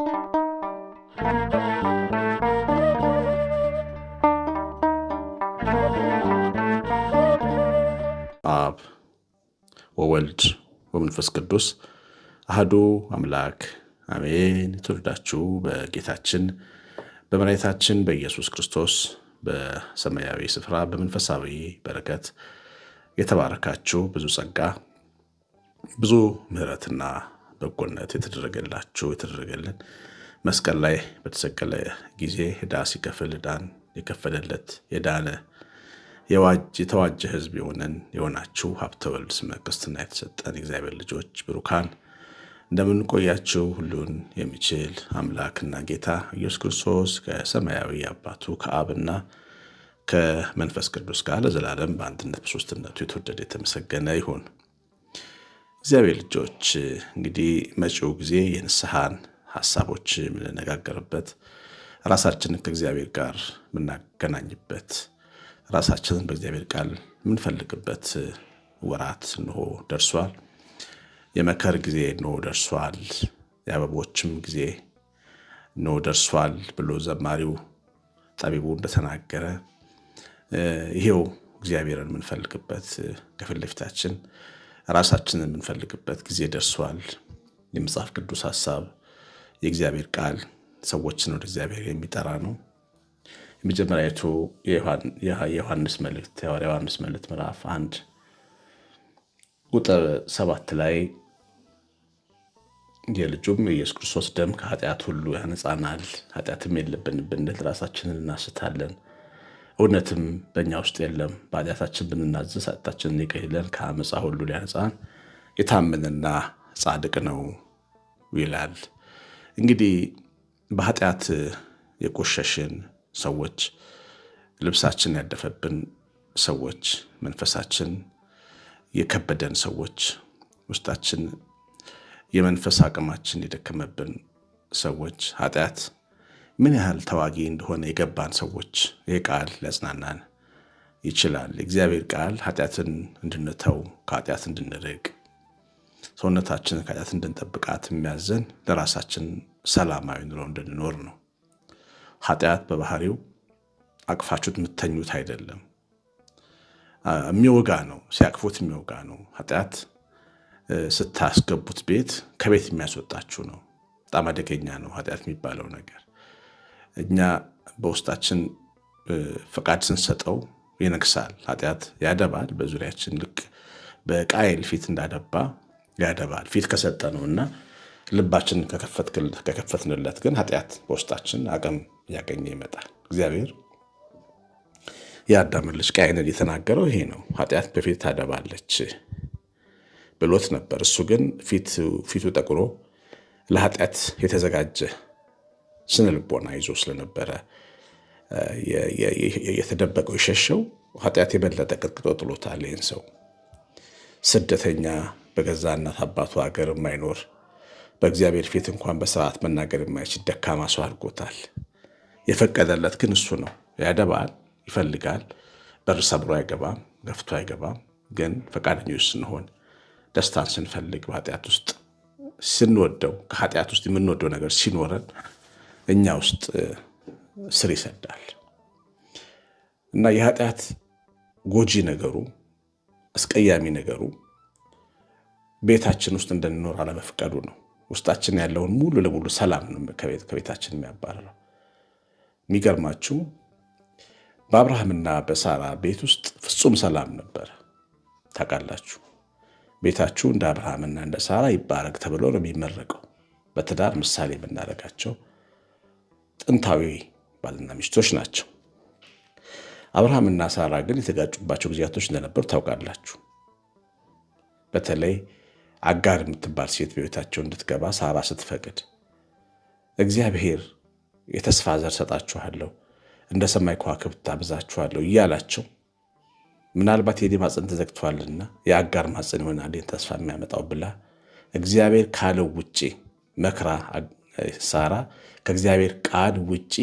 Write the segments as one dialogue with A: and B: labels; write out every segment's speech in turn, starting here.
A: አብ ወወልድ ወመንፈስ ቅዱስ አህዱ አምላክ አሜን። የተወደዳችሁ በጌታችን በመድኃኒታችን በኢየሱስ ክርስቶስ በሰማያዊ ስፍራ በመንፈሳዊ በረከት የተባረካችሁ ብዙ ጸጋ ብዙ ምሕረትና በጎነት የተደረገላችሁ የተደረገልን መስቀል ላይ በተሰቀለ ጊዜ ዕዳ ሲከፍል ዕዳን የከፈለለት የዳነ የተዋጀ ሕዝብ የሆነን የሆናችሁ ሀብተ ወልድ ስመ ክርስትና የተሰጠን እግዚአብሔር ልጆች ብሩካን እንደምንቆያችሁ ሁሉን የሚችል አምላክና ጌታ ኢየሱስ ክርስቶስ ከሰማያዊ አባቱ ከአብና ከመንፈስ ቅዱስ ጋር ለዘላለም በአንድነት በሶስትነቱ የተወደደ የተመሰገነ ይሁን። እግዚአብሔር ልጆች እንግዲህ መጪው ጊዜ የንስሐን ሀሳቦች የምንነጋገርበት ራሳችንን ከእግዚአብሔር ጋር የምናገናኝበት ራሳችንን በእግዚአብሔር ቃል የምንፈልግበት ወራት እንሆ ደርሷል። የመከር ጊዜ እንሆ ደርሷል። የአበቦችም ጊዜ እንሆ ደርሷል ብሎ ዘማሪው ጠቢቡ እንደተናገረ ይሄው እግዚአብሔርን የምንፈልግበት ከፊት ለፊታችን ራሳችንን የምንፈልግበት ጊዜ ደርሷል። የመጽሐፍ ቅዱስ ሀሳብ የእግዚአብሔር ቃል ሰዎችን ወደ እግዚአብሔር የሚጠራ ነው። የመጀመሪያቱ የዮሐንስ መልእክት የሐዋርያው ዮሐንስ መልእክት ምዕራፍ አንድ ቁጥር ሰባት ላይ የልጁም የኢየሱስ ክርስቶስ ደም ከኃጢአት ሁሉ ያነጻናል፣ ኃጢአትም የለብንብን ራሳችንን እናስታለን እውነትም በእኛ ውስጥ የለም። በኃጢአታችን ብንናዘዝ ኃጢአታችንን ይቅር ይለን ከአመፃ ሁሉ ሊያነጻን የታመነና ጻድቅ ነው ይላል። እንግዲህ በኃጢአት የቆሸሽን ሰዎች፣ ልብሳችን ያደፈብን ሰዎች፣ መንፈሳችን የከበደን ሰዎች፣ ውስጣችን የመንፈስ አቅማችን የደከመብን ሰዎች ኃጢአት ምን ያህል ተዋጊ እንደሆነ የገባን ሰዎች ይህ ቃል ሊያጽናናን ይችላል። የእግዚአብሔር ቃል ኃጢአትን እንድንተው ከኃጢአት እንድንርቅ ሰውነታችንን ከኃጢአት እንድንጠብቃት የሚያዘን ለራሳችን ሰላማዊ ኑሮ እንድንኖር ነው። ኃጢአት በባህሪው አቅፋችሁት የምተኙት አይደለም፣ የሚወጋ ነው። ሲያቅፉት የሚወጋ ነው። ኃጢአት ስታስገቡት ቤት ከቤት የሚያስወጣችሁ ነው። በጣም አደገኛ ነው ኃጢአት የሚባለው ነገር እኛ በውስጣችን ፈቃድ ስንሰጠው ይነግሳል። ኃጢአት ያደባል። በዙሪያችን ልክ በቃየል ፊት እንዳደባ ያደባል። ፊት ከሰጠ ነው እና ልባችን ከከፈትንለት ግን ኃጢአት በውስጣችን አቅም እያገኘ ይመጣል። እግዚአብሔር የአዳምን ልጅ የተናገረው ይሄ ነው። ኃጢአት በፊት ታደባለች ብሎት ነበር። እሱ ግን ፊቱ ጠቁሮ ለኃጢአት የተዘጋጀ ስነ ልቦና ይዞ ስለነበረ የተደበቀው የሸሸው ኃጢአት የበለጠ ቅጥቅጦ ጥሎታል። ይህን ሰው ስደተኛ፣ በገዛ እናት አባቱ ሀገር የማይኖር በእግዚአብሔር ፊት እንኳን በስርዓት መናገር የማይችል ደካማ ሰው አድርጎታል። የፈቀደለት ግን እሱ ነው። ያደባል፣ ይፈልጋል፣ በር ሰብሮ አይገባም፣ ገፍቶ አይገባም። ግን ፈቃደኞች ስንሆን ደስታን ስንፈልግ በኃጢአት ውስጥ ስንወደው ከኃጢአት ውስጥ የምንወደው ነገር ሲኖረን እኛ ውስጥ ስር ይሰዳል እና የኃጢአት ጎጂ ነገሩ አስቀያሚ ነገሩ ቤታችን ውስጥ እንድንኖር አለመፍቀዱ ነው። ውስጣችን ያለውን ሙሉ ለሙሉ ሰላም ነው ከቤታችን የሚያባረረው። የሚገርማችሁ በአብርሃምና በሳራ ቤት ውስጥ ፍጹም ሰላም ነበር ታውቃላችሁ፣ ቤታችሁ እንደ አብርሃምና እንደ ሳራ ይባረግ ተብሎ ነው የሚመረቀው። በትዳር ምሳሌ የምናደርጋቸው ጥንታዊ ባልና ሚስቶች ናቸው። አብርሃምና ሳራ ግን የተጋጩባቸው ጊዜያቶች እንደነበሩ ታውቃላችሁ። በተለይ አጋር የምትባል ሴት በቤታቸው እንድትገባ ሳራ ስትፈቅድ እግዚአብሔር የተስፋ ዘር ሰጣችኋለሁ፣ እንደ ሰማይ ከዋክብት ታብዛችኋለሁ እያላቸው ምናልባት የኔ ማፀን ተዘግቷልና የአጋር ማፀን ይሆናል ተስፋ የሚያመጣው ብላ እግዚአብሔር ካለው ውጭ መክራ ሳራ ከእግዚአብሔር ቃል ውጪ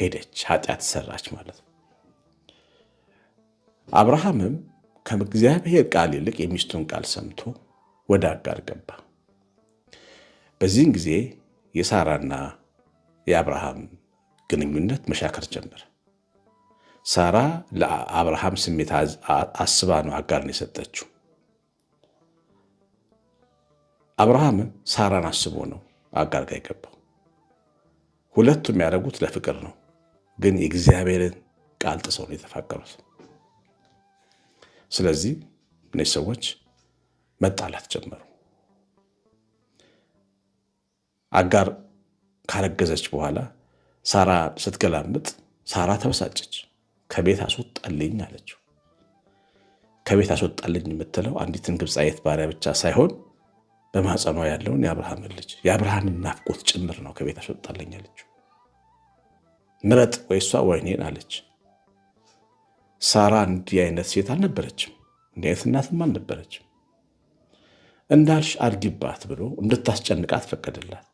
A: ሄደች፣ ኃጢአት ሰራች ማለት ነው። አብርሃምም ከእግዚአብሔር ቃል ይልቅ የሚስቱን ቃል ሰምቶ ወደ አጋር ገባ። በዚህን ጊዜ የሳራና የአብርሃም ግንኙነት መሻከር ጀመረ። ሳራ ለአብርሃም ስሜት አስባ ነው አጋርን የሰጠችው። አብርሃምም ሳራን አስቦ ነው አጋር ጋር የገባው። ሁለቱም ያደረጉት ለፍቅር ነው፣ ግን የእግዚአብሔርን ቃል ጥሰው ነው የተፋቀሩት። ስለዚህ እነዚህ ሰዎች መጣላት ጀመሩ። አጋር ካረገዘች በኋላ ሳራ ስትገላምጥ ሳራ ተበሳጨች። ከቤት አስወጣልኝ አለችው። ከቤት አስወጣልኝ የምትለው አንዲትን ግብፃዊት ባሪያ ብቻ ሳይሆን በማፀኗ ያለውን የአብርሃምን ልጅ የአብርሃምን ናፍቆት ጭምር ነው ከቤት አስወጣለኝ አለችው። ምረጥ ወይ እሷ ወይ እኔን አለች። ሳራ እንዲህ አይነት ሴት አልነበረችም፣ እንዲህ አይነት እናትም አልነበረችም። እንዳልሽ አድጊባት ብሎ እንድታስጨንቃት ፈቀደላት።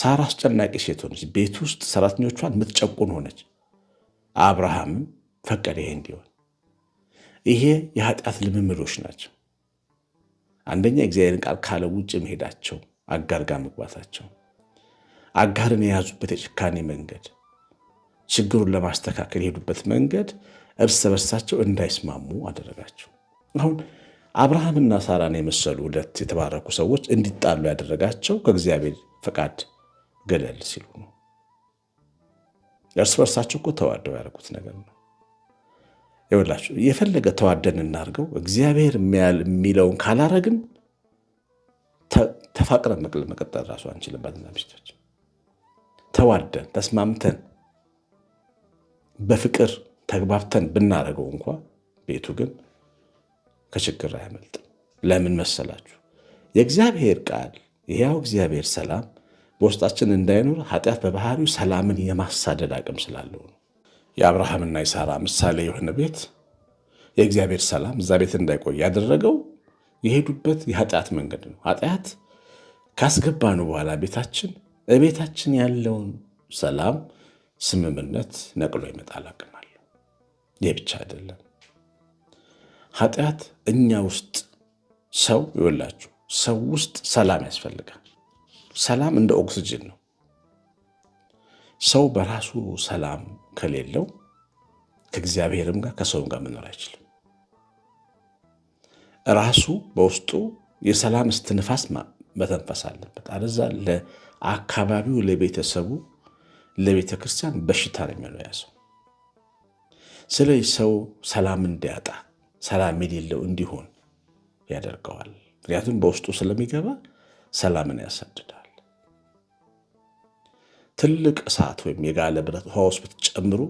A: ሳራ አስጨናቂ ሴት ሆነች። ቤት ውስጥ ሰራተኞቿን የምትጨቁን ሆነች። አብርሃምም ፈቀደ ይሄ እንዲሆን። ይሄ የኃጢአት ልምምዶች ናቸው። አንደኛ እግዚአብሔርን ቃል ካለ ውጭ መሄዳቸው፣ አጋር ጋር መግባታቸው፣ አጋርን የያዙበት የጭካኔ መንገድ፣ ችግሩን ለማስተካከል የሄዱበት መንገድ እርስ በርሳቸው እንዳይስማሙ አደረጋቸው። አሁን አብርሃምና ሳራን የመሰሉ ሁለት የተባረኩ ሰዎች እንዲጣሉ ያደረጋቸው ከእግዚአብሔር ፈቃድ ገለል ሲሉ ነው። እርስ በርሳቸው እኮ ተዋደው ያደረጉት ነገር ነው። ይኸውላችሁ የፈለገ ተዋደን እናድርገው፣ እግዚአብሔር የሚለውን ካላረግን ተፋቅረን መቀጠል ራሱ አንችልም። ባልና ሚስቶች ተዋደን ተስማምተን በፍቅር ተግባብተን ብናደርገው እንኳ ቤቱ ግን ከችግር አያመልጥም። ለምን መሰላችሁ? የእግዚአብሔር ቃል ይያው እግዚአብሔር ሰላም በውስጣችን እንዳይኖር ኃጢአት በባህሪው ሰላምን የማሳደድ አቅም ስላለው ነው። የአብርሃምና የሳራ ምሳሌ የሆነ ቤት የእግዚአብሔር ሰላም እዛ ቤት እንዳይቆይ ያደረገው የሄዱበት የኃጢአት መንገድ ነው። ኃጢአት ካስገባን በኋላ ቤታችን እቤታችን ያለውን ሰላም፣ ስምምነት ነቅሎ ይመጣል አቅም አለው። ይህ ብቻ አይደለም። ኃጢአት እኛ ውስጥ ሰው ይወላችሁ ሰው ውስጥ ሰላም ያስፈልጋል። ሰላም እንደ ኦክስጅን ነው። ሰው በራሱ ሰላም ከሌለው ከእግዚአብሔርም ጋር ከሰውም ጋር መኖር አይችልም። ራሱ በውስጡ የሰላም እስትንፋስ መተንፈስ አለበት። አለዛ ለአካባቢው፣ ለቤተሰቡ፣ ለቤተ ክርስቲያን በሽታ ነው የሚሆነው ያ ሰው። ስለዚህ ሰው ሰላም እንዲያጣ ሰላም የሌለው እንዲሆን ያደርገዋል። ምክንያቱም በውስጡ ስለሚገባ ሰላምን ያሳድዳል። ትልቅ እሳት ወይም የጋለ ብረት ውሃ ውስጥ ብትጨምሩ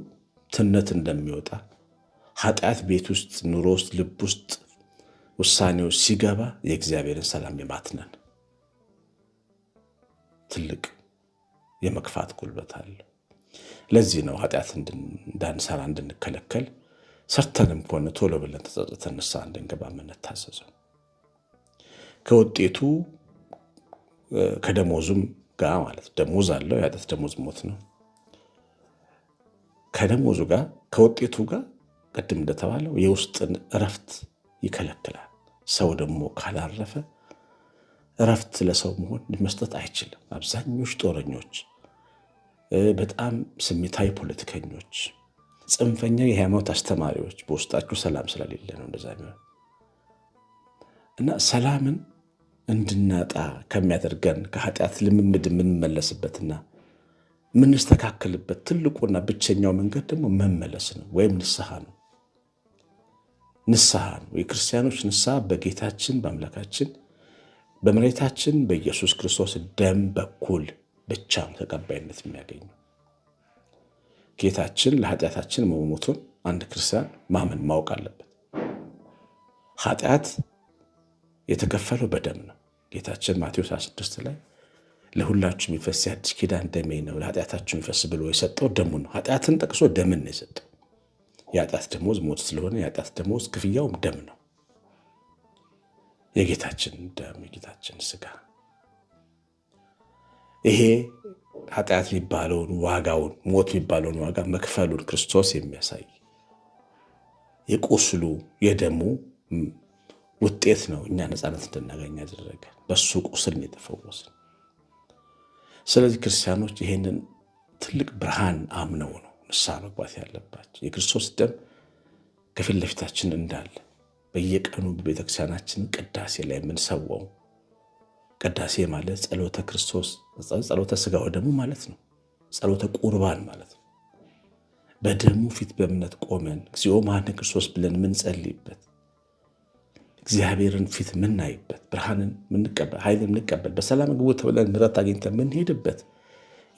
A: ትነት እንደሚወጣ ኃጢአት ቤት ውስጥ፣ ኑሮ ውስጥ፣ ልብ ውስጥ፣ ውሳኔው ሲገባ የእግዚአብሔርን ሰላም የማትነን ትልቅ የመግፋት ጉልበት አለ። ለዚህ ነው ኃጢአት እንዳንሰራ እንድንከለከል ሰርተንም ከሆነ ቶሎ ብለን ተጸጽተን ንስሐ እንድንገባ የምንታዘዘው ከውጤቱ ከደሞዙም ጋ ማለት ደሞዝ አለው። የኃጢአት ደሞዝ ሞት ነው። ከደሞዙ ጋር ከውጤቱ ጋር ቅድም እንደተባለው የውስጥን እረፍት ይከለክላል። ሰው ደግሞ ካላረፈ እረፍት ለሰው መሆን መስጠት አይችልም። አብዛኞች ጦረኞች፣ በጣም ስሜታዊ ፖለቲከኞች፣ ጽንፈኛ የሃይማኖት አስተማሪዎች በውስጣችሁ ሰላም ስለሌለ ነው እንደዛ እና ሰላምን እንድናጣ ከሚያደርገን ከኃጢአት ልምምድ የምንመለስበትና የምንስተካከልበት ትልቁና ብቸኛው መንገድ ደግሞ መመለስ ነው፣ ወይም ንስሐ ነው። ንስሐ ነው። የክርስቲያኖች ንስሐ በጌታችን በአምላካችን በመሬታችን በኢየሱስ ክርስቶስ ደም በኩል ብቻ ተቀባይነት የሚያገኝ ጌታችን ለኃጢአታችን መሞቱን አንድ ክርስቲያን ማመን ማወቅ አለበት። ኃጢአት የተከፈለው በደም ነው። ጌታችን ማቴዎስ 16 ላይ ለሁላችሁ የሚፈስ አዲስ ኪዳን ደሜ ነው ለኃጢአታችሁ የሚፈስ ብሎ የሰጠው ደሙ ነው። ኃጢአትን ጠቅሶ ደምን ነው የሰጠው። የኃጢአት ደሞዝ ሞት ስለሆነ የኃጢአት ደሞዝ ክፍያውም ደም ነው። የጌታችን ደም የጌታችን ስጋ ይሄ ኃጢአት የሚባለውን ዋጋውን ሞት የሚባለውን ዋጋ መክፈሉን ክርስቶስ የሚያሳይ የቁስሉ የደሙ ውጤት ነው እኛ ነፃነት እንድናገኝ ያደረገ። በሱ ቁስል የተፈወስን። ስለዚህ ክርስቲያኖች ይሄንን ትልቅ ብርሃን አምነው ነው ንስሐ መግባት ያለባቸው። የክርስቶስ ደም ከፊት ለፊታችን እንዳለ በየቀኑ በቤተክርስቲያናችን ቅዳሴ ላይ የምንሰዋው ቅዳሴ ማለት ጸሎተ ክርስቶስ ጸሎተ ስጋ ደግሞ ማለት ነው። ጸሎተ ቁርባን ማለት ነው። በደሙ ፊት በእምነት ቆመን እግዚኦ መሐረነ ክርስቶስ ብለን የምንጸልይበት እግዚአብሔርን ፊት የምናይበት ብርሃንን ምንቀበል ኃይልን ምንቀበል በሰላም ግቡ ተብለን ምሕረት አግኝተን የምንሄድበት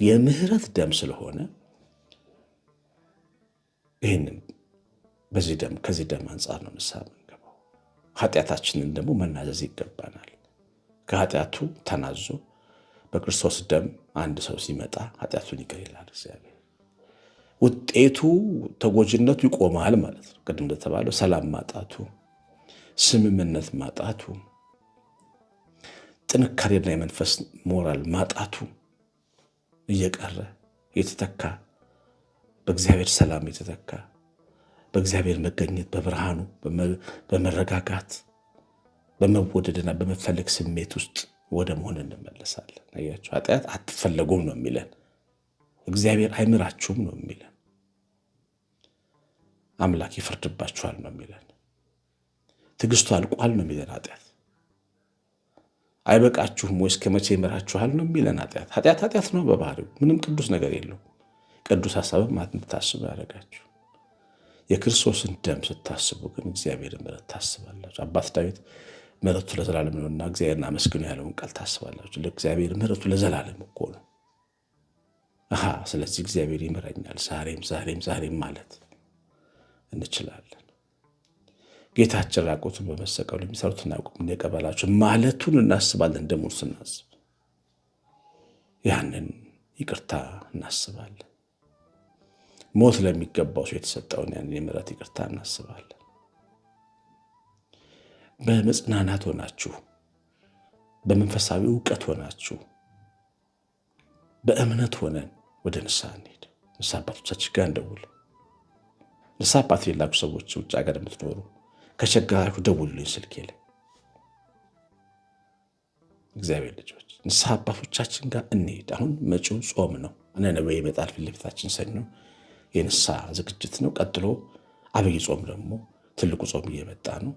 A: የምሕረት ደም ስለሆነ ይህንም በዚህ ደም ከዚህ ደም አንጻር ነው ንስሐ የምንገባው። ኃጢአታችንን ደግሞ መናዘዝ ይገባናል። ከኃጢአቱ ተናዞ በክርስቶስ ደም አንድ ሰው ሲመጣ ኃጢአቱን ይቅር ይላል እግዚአብሔር። ውጤቱ ተጎጂነቱ ይቆማል ማለት ነው። ቅድም እንደተባለው ሰላም ማጣቱ ስምምነት ማጣቱ፣ ጥንካሬና የመንፈስ ሞራል ማጣቱ እየቀረ የተተካ በእግዚአብሔር ሰላም የተተካ በእግዚአብሔር መገኘት በብርሃኑ በመረጋጋት በመወደድና በመፈለግ ስሜት ውስጥ ወደ መሆን እንመለሳለን። አያችሁ፣ ኃጢአት አትፈለጉም ነው የሚለን። እግዚአብሔር አይምራችሁም ነው የሚለን። አምላክ ይፈርድባችኋል ነው የሚለን። ትግስቱ አልቋል ነው የሚለን ኃጢአት። አይበቃችሁም ወይስ ከመቼ ይምራችኋል ነው የሚለን ኃጢአት። ኃጢአት ኃጢአት ነው በባህሪው ምንም ቅዱስ ነገር የለው። ቅዱስ ሀሳብም እንድታስቡ ያደረጋችሁ የክርስቶስን ደም ስታስቡ ግን እግዚአብሔር ምሕረት ታስባላችሁ። አባት ዳዊት ምሕረቱ ለዘላለም ነውና እግዚአብሔር አመስግኑ ያለውን ቃል ታስባላችሁ። ለእግዚአብሔር ምሕረቱ ለዘላለም እኮ ነው። ስለዚህ እግዚአብሔር ይምረኛል ዛሬም ዛሬም ዛሬም ማለት እንችላለን። ጌታችን ራቁቱን በመሰቀሉ የሚሰሩት አያውቁም እንደቀበላቸው ማለቱን እናስባለን። ደግሞ ስናስብ ያንን ይቅርታ እናስባለን። ሞት ለሚገባው ሰው የተሰጠውን ያንን የምሕረት ይቅርታ እናስባለን። በመጽናናት ሆናችሁ፣ በመንፈሳዊ እውቀት ሆናችሁ፣ በእምነት ሆነን ወደ ንስሐ እንሄድ። ንስሐ አባቶቻችን ጋር እንደውል። ንስሐ አባት የሌላችሁ ሰዎች ውጭ ሀገር የምትኖሩ ከቸገራችሁ ደውሉልኝ ስልክ የለ እግዚአብሔር ልጆች ንስሐ አባቶቻችን ጋር እንሄድ። አሁን መጪው ጾም ነው። ነነዌ ይመጣል ፊት ለፊታችን ሰኞ የንስሐ ዝግጅት ነው። ቀጥሎ አብይ ጾም ደግሞ ትልቁ ጾም እየመጣ ነው።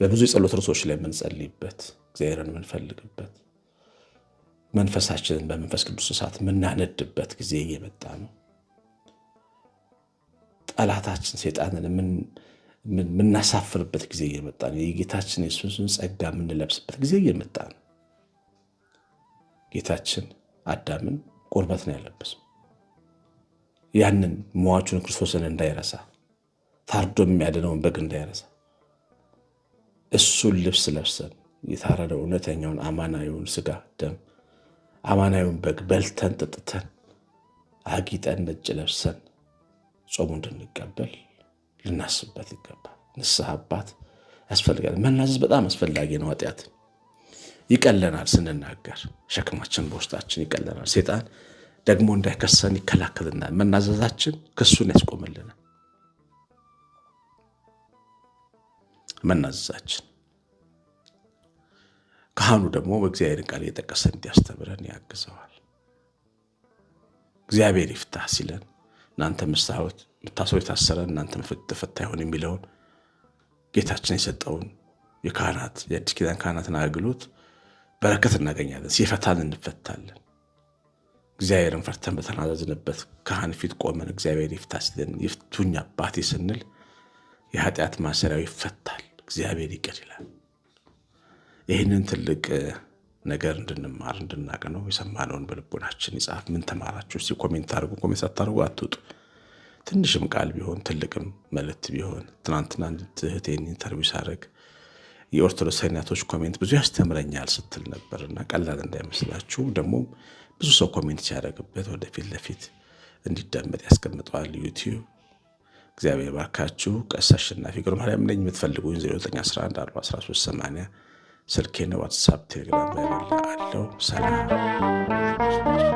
A: በብዙ የጸሎት ርዕሶች ላይ የምንጸልይበት እግዚአብሔርን የምንፈልግበት መንፈሳችንን በመንፈስ ቅዱስ እሳት የምናነድበት ጊዜ እየመጣ ነው። ጠላታችን ሴጣንን የምናሳፍርበት ጊዜ እየመጣ ነው። የጌታችን የሱስን ጸጋ የምንለብስበት ጊዜ እየመጣ ነው። ጌታችን አዳምን ቁርበት ነው ያለበሰው። ያንን መዋቹን ክርስቶስን እንዳይረሳ፣ ታርዶ የሚያድነውን በግ እንዳይረሳ እሱን ልብስ ለብሰን የታረደው እውነተኛውን አማናዊውን ስጋ ደም አማናዊውን በግ በልተን ጠጥተን አጊጠን ነጭ ለብሰን ጾሙ እንድንቀበል ልናስብበት ይገባል። ንስሐ አባት ያስፈልጋል። መናዘዝ በጣም አስፈላጊ ነው። ኃጢአት ይቀለናል፣ ስንናገር ሸክማችን በውስጣችን ይቀለናል። ሴጣን ደግሞ እንዳይከሰን ይከላከልናል። መናዘዛችን ክሱን ያስቆምልናል። መናዘዛችን ካህኑ ደግሞ በእግዚአብሔር ቃል እየጠቀሰ እንዲያስተምረን ያግዘዋል። እግዚአብሔር ይፍታ ሲለን እናንተ መስታወት ታስሮ የታሰረ እናንተም ተፈታ ይሆን የሚለውን ጌታችን የሰጠውን የካህናት የአዲስ ኪዳን ካህናትን አገልግሎት በረከት እናገኛለን። ሲፈታን እንፈታለን። እግዚአብሔርን ፈርተን በተናዘዝንበት ካህን ፊት ቆመን እግዚአብሔር ይፍታ ስለን ይፍቱኝ አባቴ ስንል የኃጢአት ማሰሪያው ይፈታል። እግዚአብሔር ይቅር ይላል። ይህንን ትልቅ ነገር እንድንማር እንድናቅ ነው። የሰማነውን በልቦናችን ይጻፍ። ምን ተማራችሁ? እስኪ ኮሜንት አድርጉ። ኮሜንት ሳታደርጉ አትውጡ። ትንሽም ቃል ቢሆን ትልቅም መልእክት ቢሆን ትናንትና እህቴን ኢንተርቪው ሳደርግ የኦርቶዶክስ አይነቶች ኮሜንት ብዙ ያስተምረኛል ስትል ነበር እና ቀላል እንዳይመስላችሁ ደግሞ ብዙ ሰው ኮሜንት ሲያደርግበት ወደፊት ለፊት እንዲደመጥ ያስቀምጠዋል ዩቲዩብ። እግዚአብሔር ባርካችሁ። ቀሲስ አሸናፊ ገብረ ማርያም ነኝ። የምትፈልጉኝ 0911413880 ስልኬ ዋትሳፕ፣ ቴሌግራም ላይ አለው። ሰላም